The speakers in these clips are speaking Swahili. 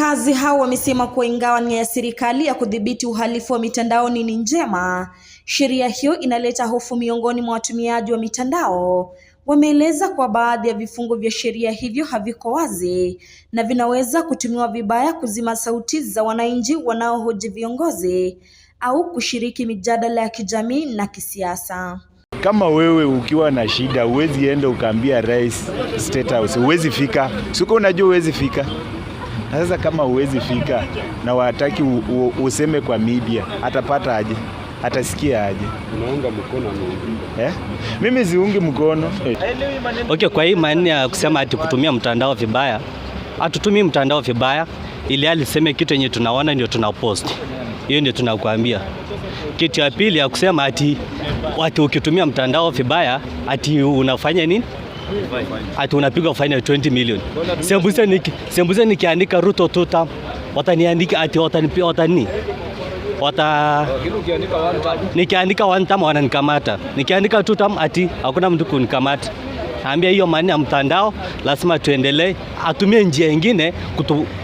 Wakazi hao wamesema kuwa ingawa nia ya serikali ya kudhibiti uhalifu wa mitandaoni ni njema, sheria hiyo inaleta hofu miongoni mwa watumiaji wa mitandao. Wameeleza kuwa baadhi ya vifungu vya sheria hivyo haviko wazi na vinaweza kutumiwa vibaya kuzima sauti za wananchi wanaohoji viongozi au kushiriki mijadala ya kijamii na kisiasa. Kama wewe ukiwa na shida, huwezi enda ukaambia rais State House, huwezi fika, siko, unajua huwezi fika na sasa kama huwezi fika na wataki u, u, useme kwa media, atapata aje? Atasikia aje? Unaunga mkono eh? Mimi ziungi mkono okay. Kwa hii maana ya kusema ati kutumia mtandao vibaya, hatutumii mtandao vibaya, ili aliseme kitu yenye tunaona ndio tunapost, hiyo ndio tunakuambia. Kitu ya pili ya kusema ati watu ukitumia mtandao vibaya ati unafanya nini? ati unapigwa faini ya 20 million. Sembuse niki sembuse nikiandika Ruto tuta wataniandika ati watanipi watani wata nikiandika one time wananikamata, nikiandika two time ati hakuna mtu kunikamata. Ambia hiyo mani ya mtandao, lazima tuendelee, atumie njia nyingine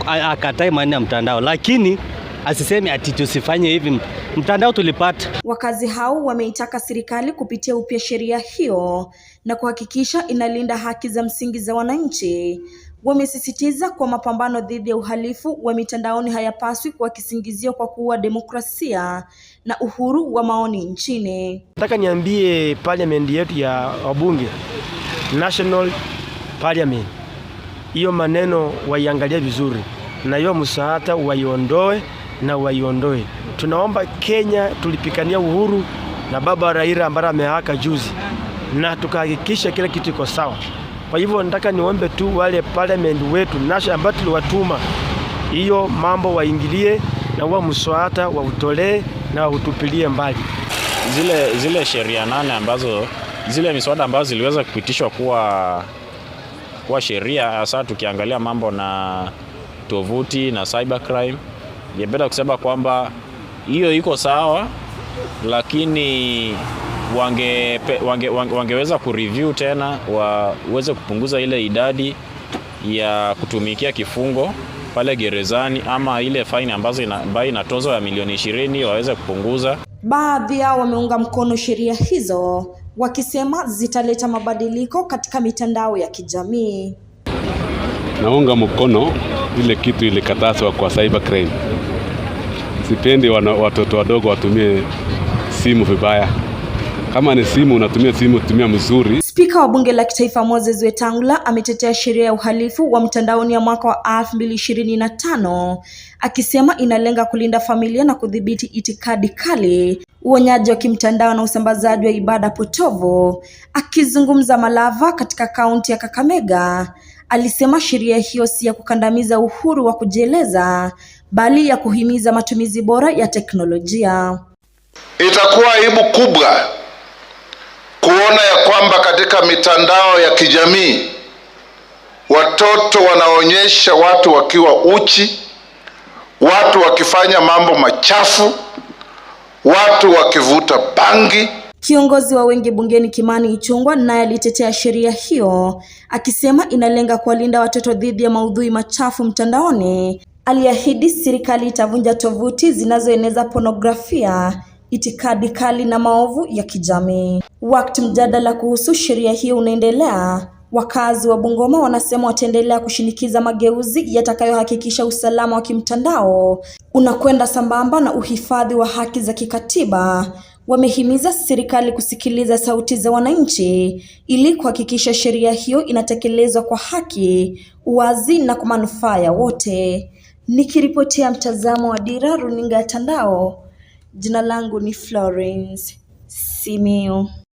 akatae maana ya mtandao, lakini asiseme ati tusifanye hivi, mtandao tulipata. Wakazi hao wameitaka serikali kupitia upya sheria hiyo na kuhakikisha inalinda haki za msingi za wananchi. Wamesisitiza kwa mapambano dhidi ya uhalifu wa mitandaoni hayapaswi kuwa kisingizio kwa kuua demokrasia na uhuru wa maoni nchini. Nataka niambie parliament yetu ya wabunge, national parliament, hiyo maneno waiangalia vizuri na hiyo msaada waiondoe na waiondoe. Tunaomba Kenya, tulipikania uhuru na baba Raila ambaye amehaka juzi, na tukahakikisha kila kitu iko sawa. Kwa hivyo nataka niombe tu wale parliament wetu nasha ambao tuliwatuma hiyo mambo waingilie na wa mswada wautolee na wautupilie mbali zile, zile sheria nane ambazo zile miswada ambazo ziliweza kupitishwa kuwa, kuwa sheria hasa tukiangalia mambo na tovuti na cybercrime ningependa kusema kwamba hiyo iko sawa, lakini wange, wange, wange, wangeweza kureview tena waweze kupunguza ile idadi ya kutumikia kifungo pale gerezani ama ile faini ambazo ambayo inatozwa ya milioni ishirini waweze kupunguza. Baadhi yao wameunga mkono sheria hizo wakisema zitaleta mabadiliko katika mitandao ya kijamii. Naunga mkono ile kitu ilikatazwa kwa cyber crime. Sipendi watoto wadogo watumie simu vibaya. Kama ni simu unatumia simu, tumia mzuri. Spika wa bunge la kitaifa Moses Wetangula ametetea sheria ya uhalifu wa mtandaoni ya mwaka wa 2025 akisema inalenga kulinda familia na kudhibiti itikadi kali, uonyaji wa kimtandao na usambazaji wa ibada potovu. Akizungumza Malava katika kaunti ya Kakamega Alisema sheria hiyo si ya kukandamiza uhuru wa kujieleza bali ya kuhimiza matumizi bora ya teknolojia. Itakuwa aibu kubwa kuona ya kwamba katika mitandao ya kijamii watoto wanaonyesha watu wakiwa uchi, watu wakifanya mambo machafu, watu wakivuta bangi. Kiongozi wa wengi bungeni Kimani ichungwa naye alitetea sheria hiyo akisema inalenga kuwalinda watoto dhidi ya maudhui machafu mtandaoni. Aliahidi serikali itavunja tovuti zinazoeneza pornografia, itikadi kali na maovu ya kijamii. Wakati mjadala kuhusu sheria hiyo unaendelea, wakazi wa Bungoma wanasema wataendelea kushinikiza mageuzi yatakayohakikisha usalama wa kimtandao unakwenda sambamba na uhifadhi wa haki za kikatiba wamehimiza serikali kusikiliza sauti za wananchi ili kuhakikisha sheria hiyo inatekelezwa kwa haki, uwazi na kwa manufaa ya wote. Nikiripotia mtazamo wa Dira Runinga ya Tandao, jina langu ni Florence Simiyu.